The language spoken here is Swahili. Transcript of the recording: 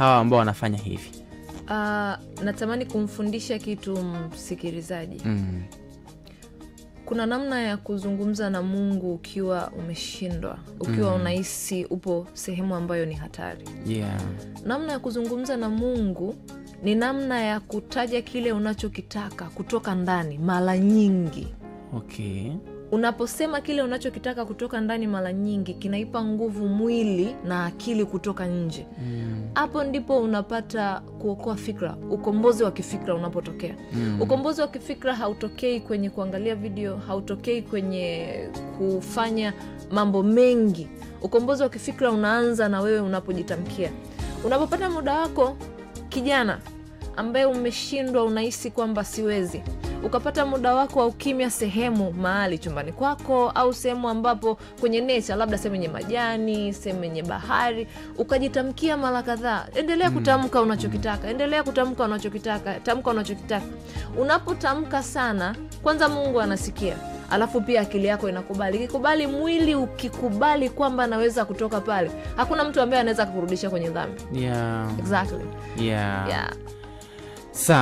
hawa ambao wanafanya hivi? Uh, natamani kumfundisha kitu msikilizaji. mm. Kuna namna ya kuzungumza na Mungu ukiwa umeshindwa, ukiwa mm. unahisi upo sehemu ambayo ni hatari. yeah. Namna ya kuzungumza na Mungu ni namna ya kutaja kile unachokitaka kutoka ndani mara nyingi. okay. Unaposema kile unachokitaka kutoka ndani, mara nyingi kinaipa nguvu mwili na akili kutoka nje. Mm. Hapo mm. ndipo unapata kuokoa fikra, ukombozi wa kifikra unapotokea. mm. Ukombozi wa kifikra hautokei kwenye kuangalia video, hautokei kwenye kufanya mambo mengi. Ukombozi wa kifikra unaanza na wewe unapojitamkia. Unapopata muda wako kijana ambaye umeshindwa, unahisi kwamba siwezi ukapata muda wako wa ukimya sehemu mahali chumbani kwako au sehemu ambapo kwenye nature, labda sehemu yenye majani, sehemu yenye bahari, ukajitamkia mara kadhaa. Endelea hmm. kutamka unachokitaka, endelea kutamka unachokitaka, tamka unachokitaka. Unapotamka sana, kwanza Mungu anasikia alafu pia akili yako inakubali. Ikikubali, mwili ukikubali kwamba anaweza kutoka pale, hakuna mtu ambaye anaweza kukurudisha kwenye dhambi. Yeah. Exactly. Yeah. Yeah. sa